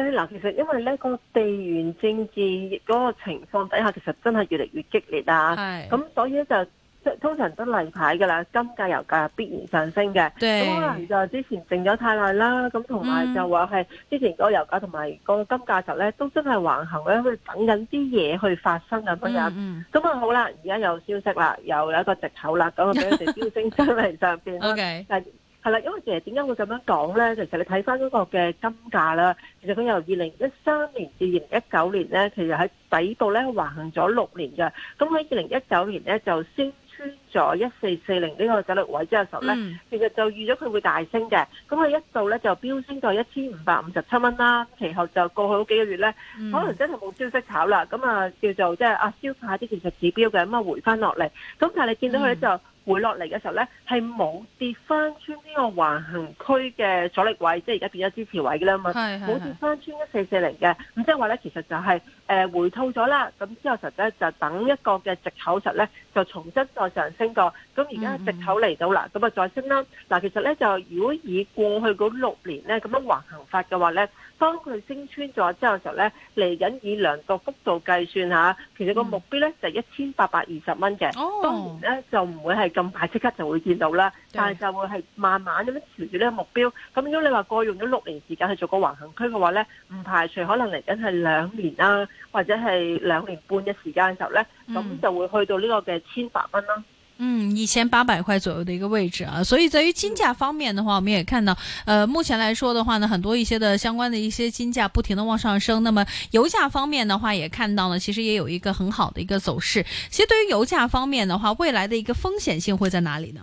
嗱，其實因為呢個地緣政治嗰個情況底下，其實真係越嚟越激烈啊。係，咁所以就通常都例牌㗎啦，金價油價必然上升嘅。咁可能就之前靜咗太耐啦，咁同埋就話係之前個油價同埋個金價就咧都真係橫行咧，去等緊啲嘢去發生啊乜嘢。咁、嗯、啊、嗯、好啦，而家有消息啦，又有一個藉口啦，咁啊俾佢哋飆升出上嚟上邊。 okay. 係啦，因為其實點解會咁樣講咧？其實你睇翻嗰個嘅金價啦，其實佢由二零一三年至二零一九年咧，其實喺底部咧橫行咗六年嘅。咁喺二零一九年咧就升穿咗一四四零呢個阻力位之後，時候咧、嗯、其實就預咗佢會大升嘅。咁佢一度咧就飆升到一千五百五十七蚊啦，其後就過去好幾個月咧、嗯，可能真係冇消息炒啦。咁、就是、啊，叫做即係啊消化啲技術指標嘅，咁啊回翻落嚟。咁但係你見到佢咧、嗯、就。回落嚟嘅時候咧，係冇跌翻穿呢個橫行區嘅阻力位，即係而家變咗支持位嘅啦嘛，冇跌翻穿一四四零嘅，咁即係話咧，其實就係、是。誒回吐咗啦，咁之後實質就等一個嘅直口實咧，就重新再上升過。咁而家直口嚟到啦，咁啊再升啦。嗱，其實咧就如果以過去嗰六年咧咁樣橫行法嘅話咧，當佢升穿咗之後嘅時候咧，嚟緊以兩個幅度計算吓，其實個目標咧就係一千八百二十蚊嘅。哦，當然咧就唔會係咁快即刻就會見到啦，但係就會係慢慢咁樣朝住呢個目標。咁如果你話過用咗六年時間去做個橫行區嘅話咧，唔排除可能嚟緊係兩年啦。或者係兩年半嘅時間嘅時候呢咁，嗯，就會去到呢個嘅千八蚊啦。嗯，一千八百塊左右嘅一個位置啊。所以在於金價方面的話，我們也看到，呃，目前來說的話呢，很多一些的相關嘅一些金價不停的往上升。那麼油價方面的話，也看到呢，其實也有一個很好的一個走勢。其實對於油價方面的話，未來的一個風險性會在哪裡呢？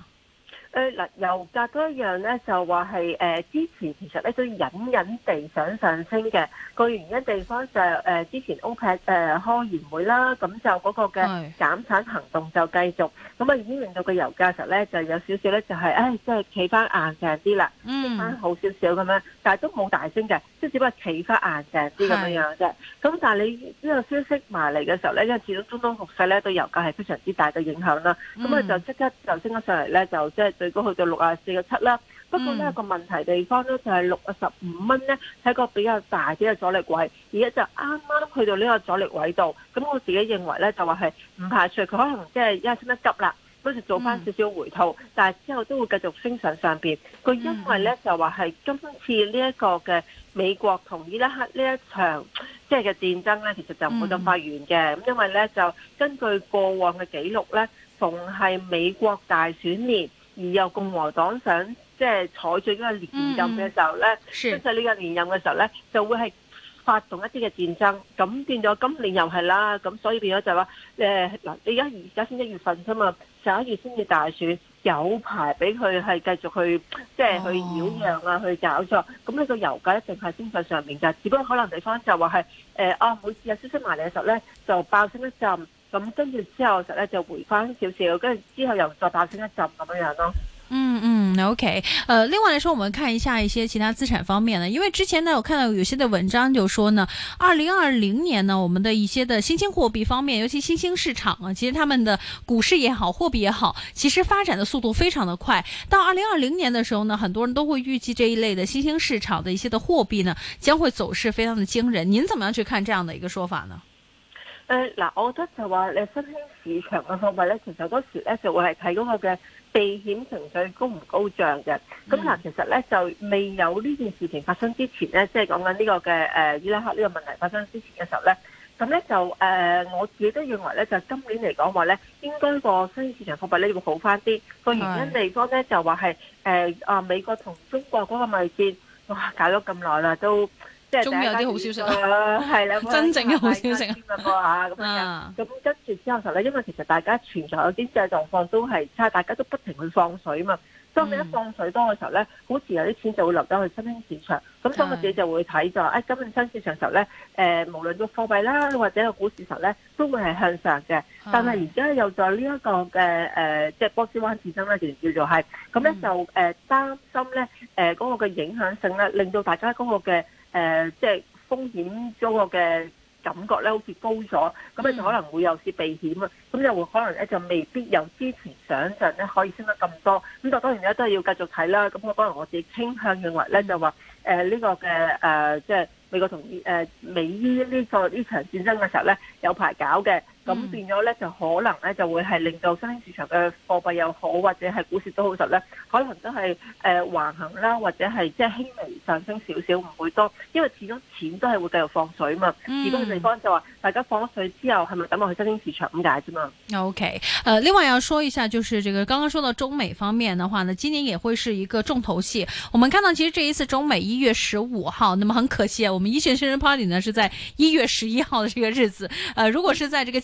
誒、呃、嗱，油價都一樣咧，就話係誒之前其實咧都隱隱地想上升嘅，個原因地方就誒、是呃、之前 OPEC 誒開完會啦，咁就嗰個嘅減產行動就繼續，咁啊已經令到個油價實咧就有少少咧就係誒即係企翻硬淨啲啦，升、嗯、翻好少少咁樣，但係都冇大升嘅，即係只不過企翻硬淨啲咁樣樣啫。咁但係你呢個消息埋嚟嘅時候咧，因為始終中東局勢咧對油價係非常之大嘅影響啦，咁、嗯、啊就即刻就升咗上嚟咧，就即係。去到六啊四個七啦，不過呢、嗯、一個問題的地方呢，就係六啊十五蚊呢，係一個比較大啲嘅阻力位，而家就啱啱去到呢個阻力位度，咁我自己認為呢，就話係唔排除佢可能即係因為升得急啦，於是做翻少少回吐，嗯、但係之後都會繼續升上上邊。佢因為呢，嗯、就話係今次呢一個嘅美國同伊拉克呢一場即係嘅戰爭呢，其實就冇咁快完嘅，咁、嗯、因為呢，就根據過往嘅記錄呢，逢係美國大選年。而由共和黨想即係採取呢個連任嘅時候咧，即係呢個連任嘅時候咧，就會係發動一啲嘅戰爭。咁變咗今年又係啦，咁所以變咗就係話誒嗱，你而家而家先一月份啫嘛，十一月先至大選，有排俾佢係繼續去即係去擾攘啊、哦，去搞作。咁你個油價一定係升在上面㗎，只不過可能地方就話係誒啊，每、呃、次、哦、有消息埋嚟嘅時候咧，就爆升一陣。咁跟住之後就咧就回翻少少，跟住之後又再打升一陣咁樣樣咯。嗯嗯，OK。呃，另外來說，我們看一下一些其他資產方面呢。因為之前呢，我看到有些的文章就說呢，二零二零年呢，我們的一些的新興貨幣方面，尤其新興市場啊，其實他們的股市也好，貨幣也好，其實發展的速度非常的快。到二零二零年的時候呢，很多人都會預計這一類的新興市場的一些的貨幣呢，將會走勢非常的驚人。您怎麼樣去看這樣的一個說法呢？誒、呃、嗱，我覺得就話你新興市場嘅貨幣咧，其實好多時咧就會係睇嗰個嘅避險情緒高唔高漲嘅。咁、嗯、嗱，其實咧就未有呢件事情發生之前咧，即、就、係、是、講緊呢個嘅誒伊拉克呢個問題發生之前嘅時候咧，咁咧就誒、呃、我自己都認為咧，就今年嚟講話咧，應該個新興市場貨幣咧會好翻啲。個原因地方咧就話係誒啊美國同、嗯呃、中國嗰個貿易戰哇搞咗咁耐啦都。即係中有啲好消息，係啦， 真正嘅好消息 啊、嗯、啊！咁跟住之後嘅時候咧，因為其實大家存在有啲嘅狀況都係，差大家都不停去放水啊嘛。當你一放水多嘅時候咧、嗯，好似有啲錢就會流咗去新興市場，咁所以我哋就會睇就話、是哎：，今日新市場時候咧，誒、呃，無論個貨幣啦，或者個股市時候咧，都會係向上嘅。但係而家又在呢一、這個嘅、呃、即係波斯灣戰爭呢，就叫做係。咁咧就誒、嗯呃、擔心咧，嗰、呃那個嘅影響性咧，令到大家嗰個嘅。誒、呃，即、就、係、是、風險，嗰個嘅感覺咧，好似高咗，咁咧就可能會有啲避險啊，咁就可能咧就未必有之前想象咧可以升得咁多，咁就當然咧都係要繼續睇啦，咁我當然我自己傾向認為咧就話，誒、呃、呢、這個嘅誒，即、呃就是、美國同意、呃、美伊呢個呢場戰爭嘅時候咧，有排搞嘅。咁變咗咧，就可能咧就會係令到新興市場嘅貨幣又好，或者係股市都好實咧，可能都係誒、呃、橫行啦，或者係即係輕微，微上升少少，唔會多，因為始終錢都係會繼續放水嘛。如果個地方就話，大家放咗水之後，係咪等落去新興市場咁解啫嘛？OK，呃另外要說一下，就是這個剛剛說到中美方面嘅話呢，今年也會是一個重頭戲。我們看到其實這一次中美一月十五號，那麼很可惜啊，我們一線生日 party 呢是在一月十一號的這個日子。呃如果是在這個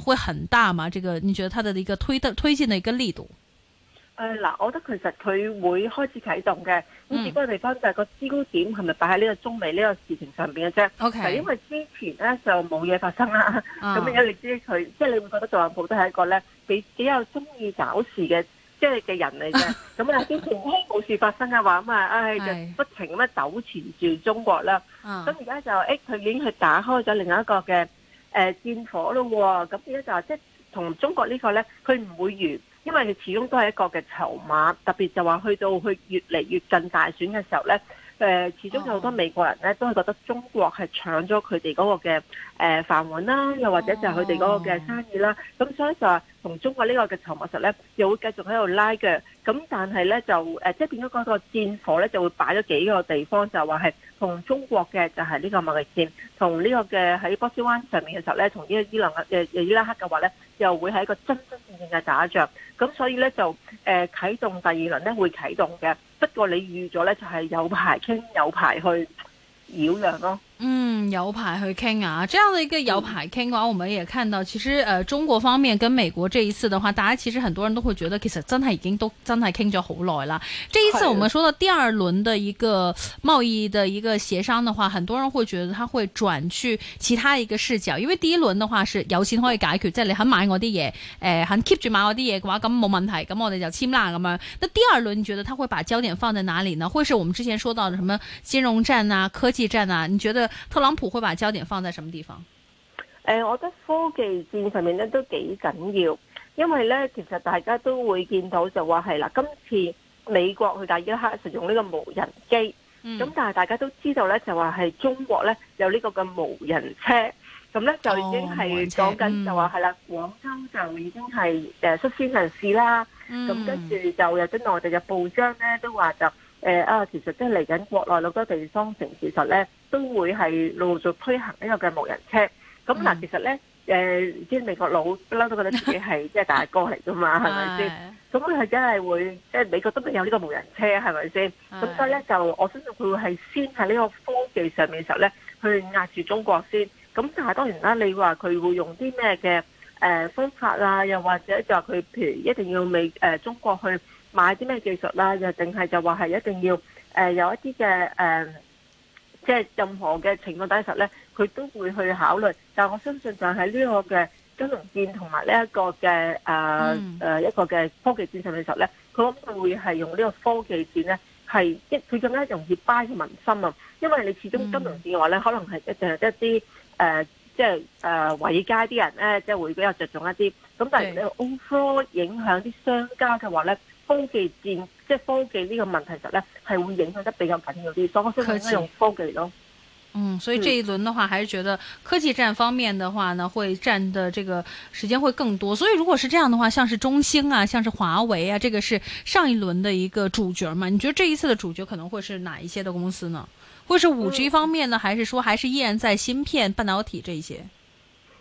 會很大嘛？這個你覺得它的一個推動、推進的一個力度？誒、呃、嗱，我覺得其實佢會開始啟動嘅。咁、嗯、只不過地方就是個焦點係咪擺喺呢個中美呢個事情上邊嘅啫？因為之前咧就冇嘢發生啦，咁有啲知佢即係你會覺得特朗普都係一個咧比比較中意搞事嘅即係嘅人嚟嘅。咁、嗯、啊，嗯、之前都冇事發生嘅話，咁啊唉就不停咁樣糾纏住中國啦。咁而家就誒，佢已經去打開咗另外一個嘅。誒，戰火咯喎，咁呢就即係同中國個呢個咧，佢唔會完，因為佢始終都係一個嘅籌碼，特別就話去到佢越嚟越近大選嘅時候咧。誒，始終有好多美國人咧，mm. 都係覺得中國係搶咗佢哋嗰個嘅誒飯碗啦，又或者就係佢哋嗰個嘅生意啦。咁、mm. 所以就係同中國個呢個嘅尋密實咧，又會繼續喺度拉鋸。咁但係咧就即係變咗嗰個戰火咧，就會擺咗幾個地方就話係同中國嘅就係呢個貿易戰，同呢個嘅喺波斯灣上面嘅時候咧，同呢個個伊朗伊拉克嘅話咧，又會係一個真真正正嘅打仗。咁所以咧就誒啟動第二輪咧會啟動嘅。不過你預咗呢，就係有排傾，有排去擾攘咯。嗯，有排去傾啊，這樣的一個有排傾啊、嗯，我們也看到，其實呃，中國方面跟美國這一次的話，大家其實很多人都會覺得，其實真係已經都真係傾咗好耐啦。這一次我們說到第二輪的一個貿易的一個協商的話的，很多人會覺得他會轉去其他一個視角，因為第一輪的話是有錢可以解決，即係你肯買我啲嘢，誒肯 keep 住買我啲嘢嘅話，咁冇問題，咁我哋就簽啦咁樣。那第二輪你覺得他會把焦點放在哪裏呢？會是我們之前說到的什麼金融戰啊、科技戰啊？你覺得？特朗普會把焦點放在什麼地方？誒、呃，我覺得科技戰上面咧都幾緊要，因為咧其實大家都會見到就話係啦，今次美國去第一刻就用呢個無人機，咁、嗯、但係大家都知道咧就話係中國咧有呢個嘅無人車，咁咧就已經係講緊就話係、嗯、啦，廣州就已經係誒、呃、率先嘗試啦，咁、嗯、跟住就有啲內地嘅報章咧都話就。誒、呃、啊！其實即係嚟緊國內好多地方城市實咧，都會係陸續推行呢個嘅無人車。咁、嗯、嗱，其實咧、呃，即啲美國佬不嬲都覺得自己係即係大哥嚟噶嘛，係咪先？咁佢係真係會即係美國都未有呢個無人車，係咪先？咁 所以咧，就我相信佢會係先喺呢個科技上面時候咧去壓住中國先。咁但係當然啦，你話佢會用啲咩嘅誒方法啊？又或者就話佢譬如一定要美誒、呃、中國去。買啲咩技術啦？又定係就話係一定要誒有一啲嘅誒，即係任何嘅情況底下咧，佢都會去考慮。但係我相信就係呢個嘅金融戰同埋呢一個嘅誒一個嘅科技戰上面時候咧，佢會係用呢個科技戰咧係佢更加容易掰住民心啊。因為你始終金融戰嘅話咧，可能係一係一啲誒即係誒偉佳啲人咧，即係會比較着重一啲。咁但係你 over 影響啲商家嘅話咧。科技戰即係科技呢個問題呢，其實咧係會影響得比較緊要啲，所以用科技咯。嗯，所以這一輪的話，還是覺得科技戰方面的話呢，會佔的這個時間會更多。所以如果是這樣的話，像是中興啊，像是華為啊，這個是上一輪的一個主角嘛。你覺得這一次的主角可能會是哪一些的公司呢？會是五 G 方面呢、嗯，還是說還是依然在芯片半導體這一些？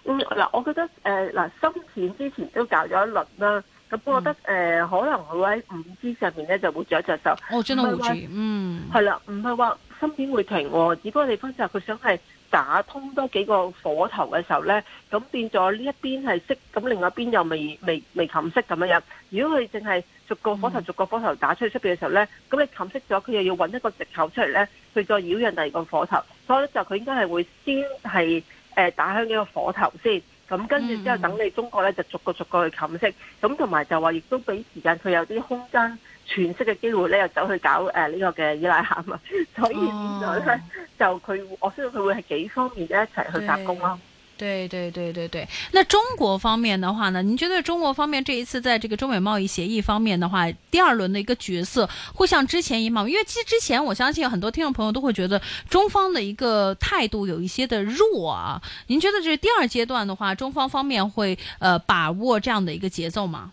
嗯，嗱，我覺得誒，嗱、呃，芯片之前都搞咗一輪啦、啊。咁我覺得誒、嗯呃，可能佢喺五 G 上面咧就會著一著手、哦，真係話，嗯，係啦，唔係話芯片會停，只不過地方就係佢想係打通多幾個火頭嘅時候咧，咁變咗呢一邊係熄，咁另外一邊又未未未冚熄咁樣。如果佢淨係逐個火頭、嗯、逐個火頭打出去出邊嘅時候咧，咁你冚熄咗，佢又要搵一個藉口出嚟咧，去再擾人第二個火頭。所以就佢應該係會先係誒打向幾個火頭先。咁跟住之後，等你中國咧就逐個逐個去冚息，咁同埋就話亦都俾時間佢有啲空間喘息嘅機會咧，又走去搞呢、呃這個嘅伊拉克。嘛。所以現在咧、哦，就佢我知道佢會係幾方面一齊去夾攻咯。對對對對對，那中國方面的話呢？您覺得中國方面這一次在這個中美貿易協議方面的話，第二輪的一個角色會像之前一樣嗎？因為其實之前我相信有很多聽眾朋友都會覺得中方的一個態度有一些的弱啊。您覺得這第二階段的話，中方方面會呃把握這樣的一個節奏嗎？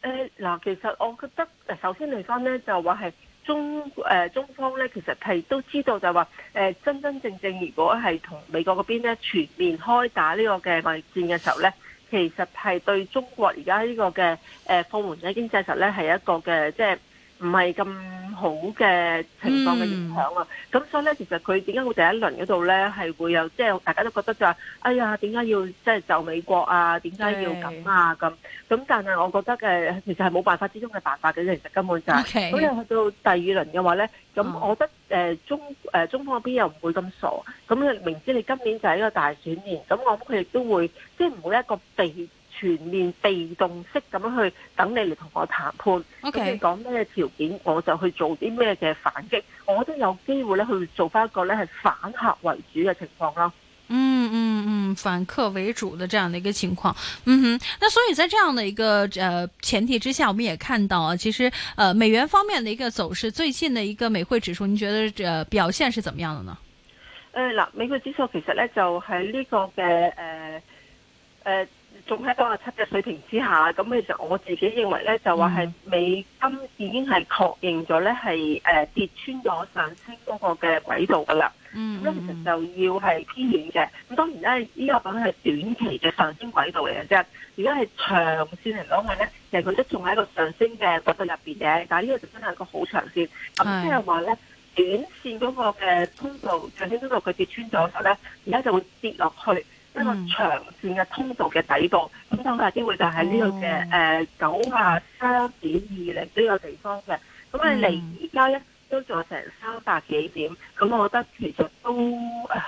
呃，嗱，其實我覺得，首先嚟講呢，就話係。中誒、呃、中方咧，其實係都知道就話誒、呃、真真正正，如果係同美國嗰邊咧，全面開打呢個嘅貿易戰嘅時候咧，其實係對中國而家呢個嘅誒放緩嘅經濟實力係一個嘅即係唔係咁好嘅情況嘅影響啊，咁、嗯、所以咧，其實佢點解會第一輪嗰度咧係會有即係、就是、大家都覺得就話、是，哎呀，點解要即係就美國啊？點解要咁啊？咁咁，但係我覺得誒，其實係冇辦法之中嘅辦法嘅其實根本就係、是。咁、okay, 又去到第二輪嘅話咧，咁我覺得、嗯、中誒、呃、中方嗰邊又唔會咁傻，咁明知你今年就係一個大選年，咁我諗佢亦都會即係唔會一個避。全面被動式咁樣去等你嚟同我談判，咁、okay. 你講咩條件，我就去做啲咩嘅反擊，我都有機會咧去做翻一個咧係反客為主嘅情況啦。嗯嗯嗯，反客為主的這樣的一個情況。嗯哼，那所以在這樣的一個呃前提之下，我們也看到啊，其實呃美元方面的一個走勢，最近的一個美匯指數，你覺得這表現是怎麼樣的呢？誒、呃、嗱，美國指數其實咧就係呢個嘅誒誒。呃呃仲喺九十七嘅水平之下，咁其實我自己認為咧，就話係美金已經係確認咗咧，係誒跌穿咗上升嗰個嘅軌道噶啦。咁咧其實就要係偏軟嘅。咁當然咧，呢、呢個品係短期嘅上升軌道嚟嘅啫。而家係長線嚟講嘅咧，其實佢都仲喺一個上升嘅角度入面嘅。但係呢個就真係一個好長線。咁即係話咧，短線嗰個嘅通道上升通道佢跌穿咗之後咧，而家就會跌落去。呢、嗯、個、嗯、長線嘅通道嘅底部，咁當大機會就喺呢個嘅誒九啊三點二零呢個地方嘅，咁你嚟而家咧都仲成三百幾點，咁我覺得其實都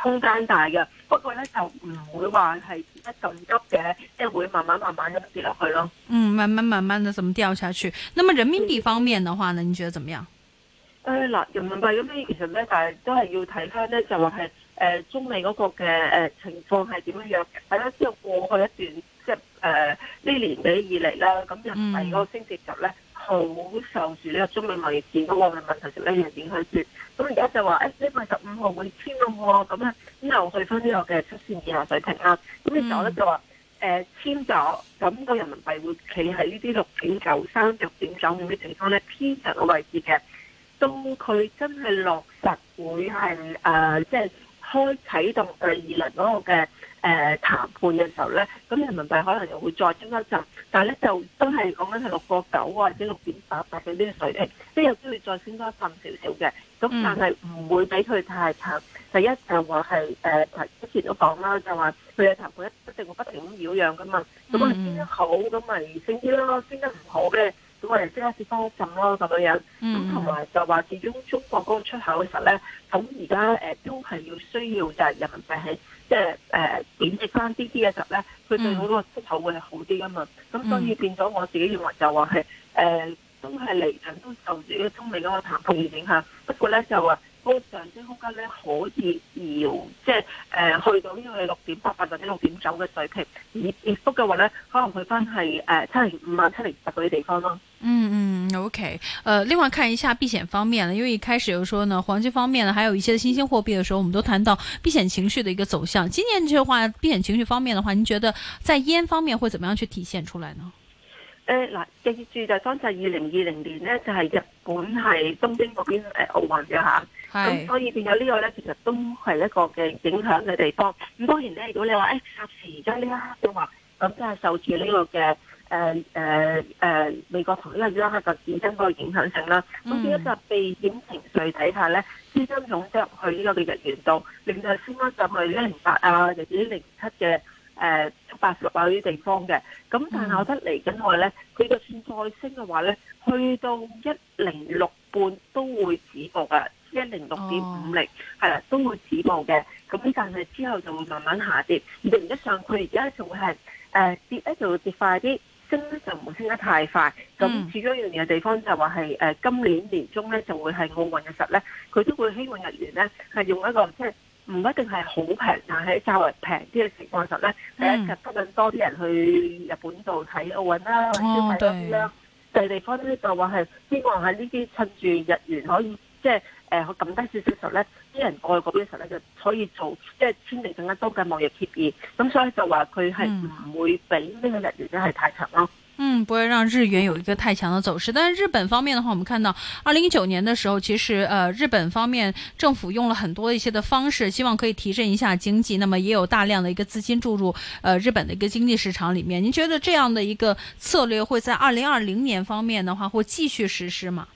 空間大嘅，不過咧就唔會話係一咁急嘅，即係會慢慢慢慢咁跌落去咯。嗯，慢慢慢慢咁咁掉下去。那麼人民幣方面嘅話呢、嗯，你覺得怎麼樣？誒、呃、嗱、呃，人民幣咁樣其實咧，但係都係要睇翻咧，就話係。誒中美嗰個嘅情況係點樣樣嘅？係啦，之後過去一段，即係誒呢年比以嚟啦，咁人民幣嗰個升跌就咧，好受住呢個中美貿易戰嗰個問題怎樣，食一樣影響住。咁而家就話誒呢個十五號會簽啊，咁咧之後去翻呢個嘅七線以下水平啊。咁你仲咧就話誒簽咗，咁、呃嗰個人民幣會企喺呢啲六點九三、六點九五啲地方咧偏實嘅位置嘅。到佢真係落實會係誒即係。開啟動第二輪嗰個嘅誒、呃、談判嘅時候咧，咁人民幣可能又會再升一陣，但係咧就都係講緊係六個九啊或者六點八八嘅呢個水平，即係有機會再升多一陣少少嘅。咁但係唔會俾佢太慘。第一就話係誒，之前都講啦，就話佢嘅談判一定會不停咁擾攘噶嘛。咁、嗯、啊升得好咁咪升啲咯，升得唔好嘅。都係即刻跌翻一陣咯，咁樣樣。咁同埋就話，始終中國嗰個出口嘅時候咧，咁而家誒都係要需要就係人民幣係即係誒貶值翻啲啲嘅時候咧，佢對我個出口會係好啲噶嘛。咁所以變咗我自己認為就話係誒都係嚟緊都受住中美嗰個談判影響。不過咧就話，個上升空間咧，可以要即係誒去到呢個六點八八或者六點九嘅水平，而跌幅嘅話咧，可能去返係誒七零五啊七零八嗰啲地方咯。嗯嗯，OK。誒、呃、另外看一下避險方面啦，因為一開始有說呢黃金方面呢，還有一些嘅新興貨幣嘅時候，我們都談到避險情緒的一個走向。今年嘅話，避險情緒方面嘅話，您覺得在煙方面會點樣去體現出來呢？誒嗱，記住就當就二零二零年呢，就係日本係東京嗰邊誒奧運嘅嚇。咁、嗯、所以變咗呢個咧，其實都係一個嘅影響嘅地方。咁當然咧，如果你話誒霎時而家呢一刻嘅話，咁真係受住呢個嘅誒誒誒美國同呢個伊拉克就戰爭嗰個影響性啦。咁呢一個避險情緒底下咧，資金湧入去呢個嘅日元度，令到升上去一零八啊，或者一零七嘅誒七八十啊呢啲地方嘅。咁但係我覺得嚟緊我咧，佢就算再升嘅話咧，去到一零六半都會止步㗎。一零六點五零，係啦，都會止步嘅。咁但係之後就會慢慢下跌。而另一方面，佢而家仲係誒跌咧，就會跌快啲，升咧就唔會升得太快。咁、嗯，最緊要嘅地方就話係誒今年年中咧，就會係奧運嘅時候咧，佢都會希望日元咧係用一個即係唔一定係好平，但係較為平啲嘅情況嘅時候咧，係吸引更多啲人去日本度睇奧運啦，消費多啲啦。第二地方咧就話係希望喺呢啲趁住日元可以。即係誒，我撳低少少時候咧，啲人過去嗰邊時候咧，就可以做即係簽訂更加多嘅貿易協議。咁所以就話佢係唔會俾呢個日圓真係太強咯。嗯，不會讓日元有一個太強嘅走勢。但係日本方面嘅話，我們看到二零一九年嘅時候，其實誒、呃、日本方面政府用咗很多一些嘅方式，希望可以提振一下經濟。那麼也有大量的一個資金注入誒、呃、日本嘅一個經濟市場裡面。您覺得這樣的一個策略，會在二零二零年方面嘅話，會繼續實施嗎？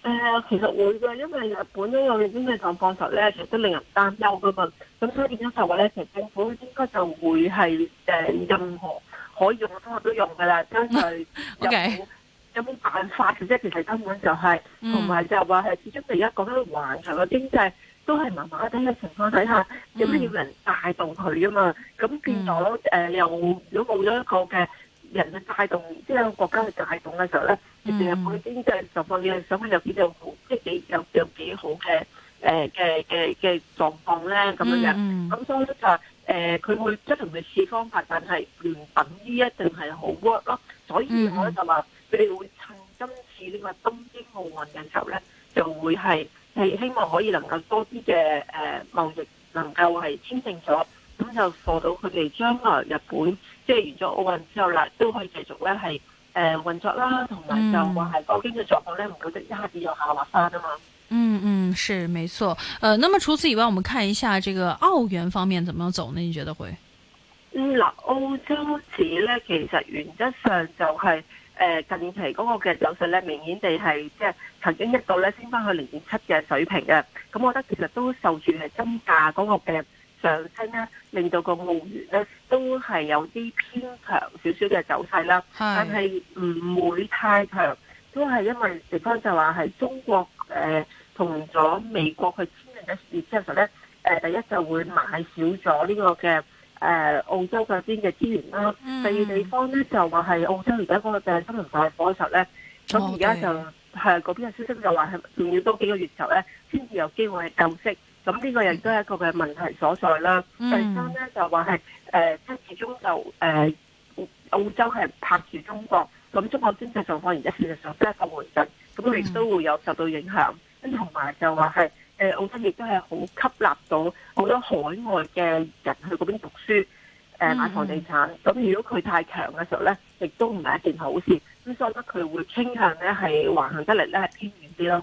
誒、呃，其實會嘅，因為日本呢呢個經濟狀況實咧，其實都令人擔憂噶嘛。咁所以變咗就話咧，其實政府應該就會係誒、呃，任何可以用都我都用噶啦。跟、就、住、是，政府有冇辦法？即係其實根本就係、是、同、嗯、埋就話係，始終你而家講緊環球嘅經濟都係麻麻地嘅情況底下，點解要人帶動佢噶嘛？咁變咗誒，又、嗯呃、如果冇咗一個嘅人去帶動，即、就、係、是、國家去帶動嘅時候咧？其實日本經濟狀況你睇，日本有幾條好，即係幾有有幾好嘅，誒嘅嘅嘅狀況咧，咁樣樣。咁所以就係誒，佢會即係同佢試方法，但係唔等於一定係好 work。咯所以我咧就話，佢哋會趁今次呢個東京奧運嘅時候咧，就會係係希望可以能夠多啲嘅誒貿易能夠係簽證咗，咁就助到佢哋將來日本即係完咗奧運之後啦，都可以繼續咧係。誒、呃，運作啦，同埋就話係究竟嘅狀況咧，唔覺得一下子就下滑翻啊嘛？嗯嗯，是沒錯。呃，那麼除此以外，我們看一下這個澳元方面怎麼走呢？你覺得會？嗯，嗱、呃，澳洲紙咧，其實原則上就係、是、誒、呃、近期嗰個嘅走勢咧，明顯地係即係曾經一度咧升翻去零點七嘅水平嘅。咁我覺得其實都受住係金價嗰個嘅。上升咧，令到個澳元咧都係有啲偏強少少嘅走勢啦，但係唔會太強，都係因為地方就話係中國誒同咗美國去簽定咗協議之後咧，誒、呃、第一就會買少咗呢個嘅誒、呃、澳洲嗰邊嘅資源啦、嗯，第二地方咧就話係澳洲而家嗰個嘅金屬大火嘅時候咧，咁而家就係嗰邊嘅消息就話係仲要多幾個月時候咧先至有機會係降息。咁呢個亦都係一個嘅問題所在啦。嗯、第三咧就話係誒，即、呃、係始終就誒、呃、澳洲係拍住中國，咁中國經濟狀況而家事實上嘅時候，都係一個回震回陣，咁亦都會有受到影響。咁同埋就話係誒，澳洲亦都係好吸納到好多海外嘅人去嗰邊讀書，誒、呃、買房地產。咁、嗯、如果佢太強嘅時候咧，亦都唔係一件好事。咁所以覺得佢會傾向咧係橫行得嚟咧係偏遠啲咯。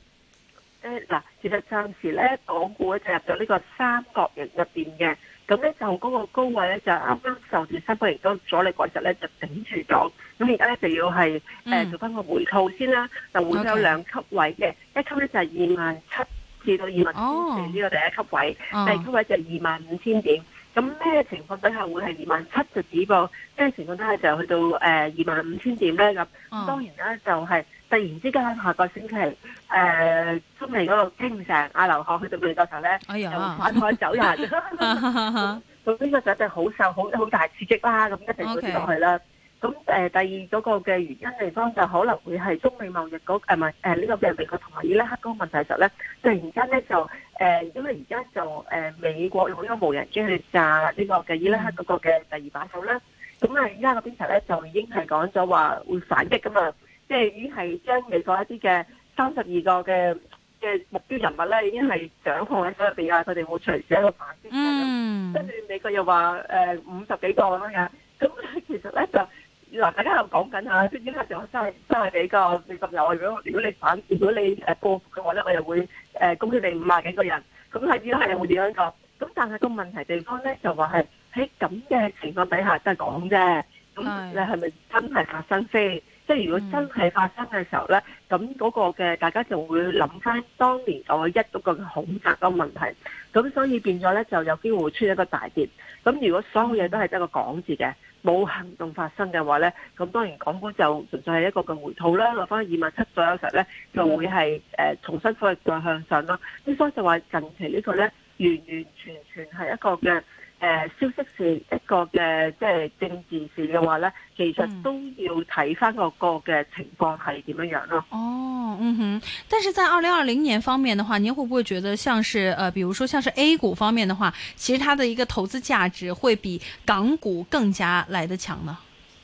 咧嗱，其實暫時咧，港股咧就入咗呢個三角形入邊嘅，咁咧就嗰個高位咧就啱啱受住三角形嘅阻力嗰陣咧就頂住咗，咁而家咧就要係誒、嗯、做翻個回吐先啦、嗯，就會有兩級位嘅，一級咧就係二萬七至到二萬四呢個第一級位，第、嗯、二級位就係二萬五千點，咁咩情況底下會係二萬七就止步，咩情況底下就去到誒二萬五千點咧咁，當然啦，就係、是。突然之間，下個星期，誒、呃、中美嗰度傾成阿劉鶴去到美國時候咧，就反台走人，咁 呢、 嗯、 個時候就一定好受好好大刺激啦。咁、嗯、一定會落去啦。咁、okay. 誒、呃、第二嗰個嘅原因地方就可能會係中美貿易嗰，誒唔係呢個病美國同埋伊拉克嗰個問題時候咧，突然間咧就誒、呃、因為而家就誒、呃、美國用呢個無人機去炸呢個嘅伊拉克嗰個嘅第二把手啦。咁、mm. 啊，而家嗰邊頭咧就已經係講咗話會反擊噶嘛。即係已經係將美國一啲嘅三十二個嘅嘅目標人物咧，已經係掌控喺手入邊啊！佢哋會隨時喺度反擊。嗯，跟住美國又話誒五十幾個咁樣樣，咁其實咧就嗱，大家又講緊吓，即呢個就真係真係幾個四十有如果如果你反，如果你誒報復嘅話咧，我又會誒、呃、攻擊你五萬幾個人。咁係點係會點樣個？咁但係個問題的地方咧就話係喺咁嘅情況底下是是是真係講啫。咁你係咪真係發生先？嗯、即係如果真係發生嘅時候咧，咁嗰個嘅大家就會諗翻當年我一嗰個恐嚇嘅問題，咁所以變咗咧就有機會出一個大跌。咁如果所有嘢都係得個講字嘅，冇行動發生嘅話咧，咁當然港股就純粹係一個嘅回吐啦，落翻二萬七左右嘅時候咧，就會係誒重新再向上咯。之、嗯、所以就話近期這個呢個咧完完全全係一個嘅。誒、呃、消息是一個嘅，即係政治事嘅話咧，其實都要睇翻個個嘅情況係點樣咯、啊。哦、嗯，嗯哼。但係在二零二零年方面嘅話，你會唔會覺得，像是誒、呃，比如說，像是 A 股方面嘅話，其實它嘅一個投資價值會比港股更加來得強呢？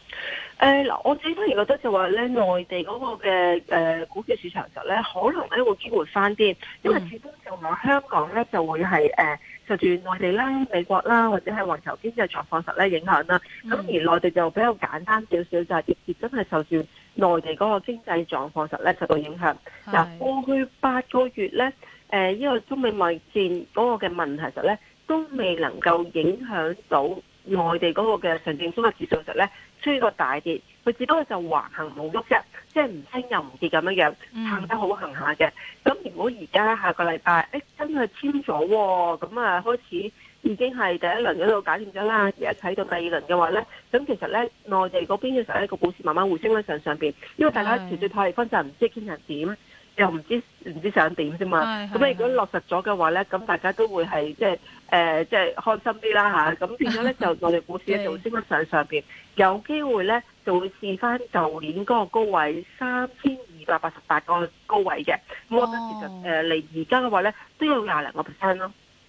誒、呃、嗱，我自己反覺得就話咧，內地嗰個嘅、呃、股票市場就咧，可能咧會激活翻啲，因為始終就話香港咧就會係誒。呃受住內地咧、美國啦，或者係環球經濟狀況實咧影響啦。咁、嗯、而內地就比較簡單少少，就係直接真係受住內地嗰個經濟狀況實咧受到影響。嗱，過去八個月咧，誒，因為中美貿易戰嗰個嘅問題實咧，都未能夠影響到。內地嗰個嘅上證綜合指數實咧出現個大跌，佢只不過就橫行冇喐啫，即係唔升又唔跌咁樣樣，行得好行下嘅。咁如果而家下個禮拜，誒真係籤咗喎，咁、哦、啊開始已經係第一輪嗰度搞掂咗啦，而家睇到第二輪嘅話咧，咁其實咧內地嗰邊嘅時候咧，個股市慢慢回升咧上上邊，因為大家絕對睇嚟分就唔知今人點。又唔知唔知想點啫嘛，咁 如果落實咗嘅話咧，咁大家都會係即係誒，即係開心啲啦嚇。咁變咗咧，就我哋股市咧就升得上上邊，有機會咧就會試翻舊年嗰個高位，三千二百八十八個高位嘅。 咁我覺得其實誒嚟而家嘅話咧，都有廿零個 percent 咯。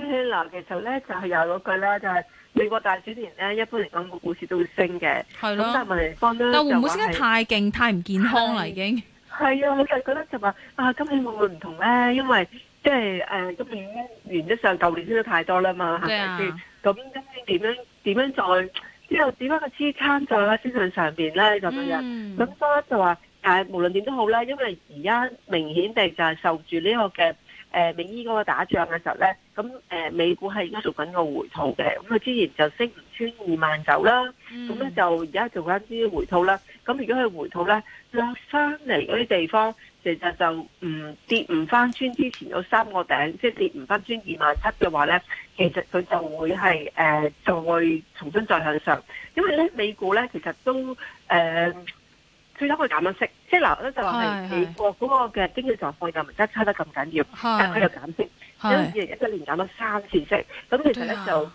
嗱，其實咧就係有句啦，就係、是就是、美國大選年咧，一般嚟講個股市都會升嘅，係咁，但係問題方咧就話，但會唔會升得太勁、太唔健康啦？已經係啊，我就係、是、覺得就話啊，今年會唔會唔同咧？因為即係誒，今年原則上舊年升得太多啦嘛，係咪先？咁今年點樣點樣再之後點樣去支撐再喺市場上邊咧？就咁樣咁所以就話誒，無論點都好咧，因為而家明顯地就係受住呢、這個嘅。誒，美伊嗰個打仗嘅時候咧，咁誒美股係而家做緊個回吐嘅，咁佢之前就升唔穿二萬九啦，咁、嗯、咧就而家做緊啲回吐啦，咁如果佢回吐咧落翻嚟嗰啲地方，其實就唔跌唔翻穿之前有三個頂，即係跌唔翻穿二萬七嘅話咧，其實佢就會係誒再重新再向上，因為咧美股咧其實都誒。呃最屘佢減咗息，即係嗱，咧就話係、是、美國嗰個嘅經濟狀況又唔得差得咁緊要，但佢又減息，因為二零一一年減咗三次息，咁其實咧就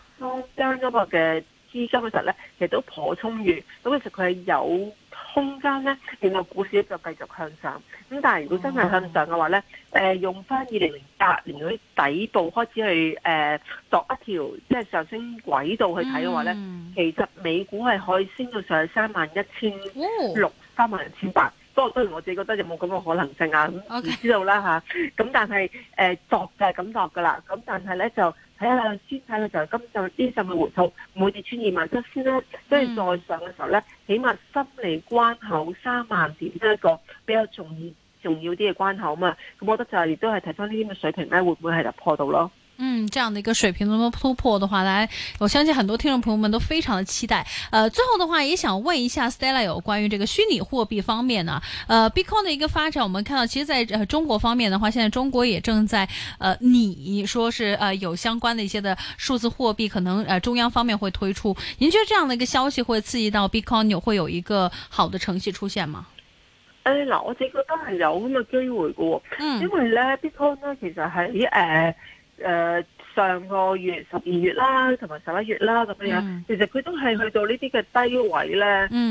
將嗰個嘅資金嗰時咧其實都頗充裕，咁其實佢係有空間咧令到股市就繼續向上。咁但係如果真係向上嘅話咧，誒、嗯、用翻二零零八年嗰啲底部開始去誒度、呃、一條即係、就是、上升軌道去睇嘅話咧，嗯、其實美股係可以升到上三萬一千六。三萬零千八，不過當然我自己覺得有冇咁嘅可能性啊咁，okay. 唔知道啦嚇。咁、啊、但係誒落就係咁落噶啦。咁但係咧就睇下先，睇下就係今週呢陣嘅回躍，每次穿二萬七先咧，即係再上嘅時候咧、嗯，起碼心理關口三萬點都係一個比較重要重要啲嘅關口啊嘛。咁我覺得就係亦都係睇翻呢啲嘅水平咧，會唔會係突破到咯？嗯，這樣的一個水平能夠突破的話，來，我相信很多聽眾朋友們都非常的期待。呃，最後的話也想問一下 Stella 有關於這個虛擬貨幣方面呢？呃，Bitcoin 的一個發展，我們看到，其實在、呃、中國方面的話，現在中國也正在呃，你說是呃有相關的一些的數字貨幣，可能呃中央方面會推出。您覺得這樣的一個消息會刺激到 Bitcoin 會有一個好的成績出現嗎？誒、哎，那我自己覺得係有咁嘅機會嘅嗯，因為咧 Bitcoin 呢，其實喺誒。呃誒、呃、上個月十二月啦，同埋十一月啦咁樣、嗯、其實佢都係去到呢啲嘅低位咧。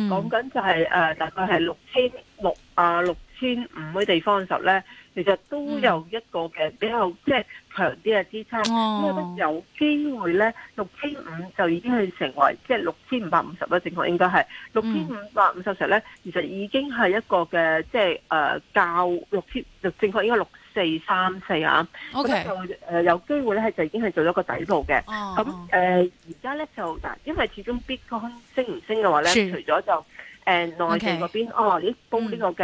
講緊就係誒大概係六千六啊六千五嘅地方嘅時候咧，其實都有一個嘅比較、嗯、即係強啲嘅支撐，咁、哦、有機會咧六千五就已經係成為即係六千五百五十啦。正確應該係六千五百五十成咧，其實已經係一個嘅即係誒、呃、較六千就正確應該六。四三四啊，咁咧就誒有機會咧係就已經係做咗個底部嘅，咁誒而家咧就嗱，因為始終 Bitcoin 升唔升嘅話咧，sure. 除咗就誒、呃、內地嗰邊，okay. 哦，你煲呢個。嘅？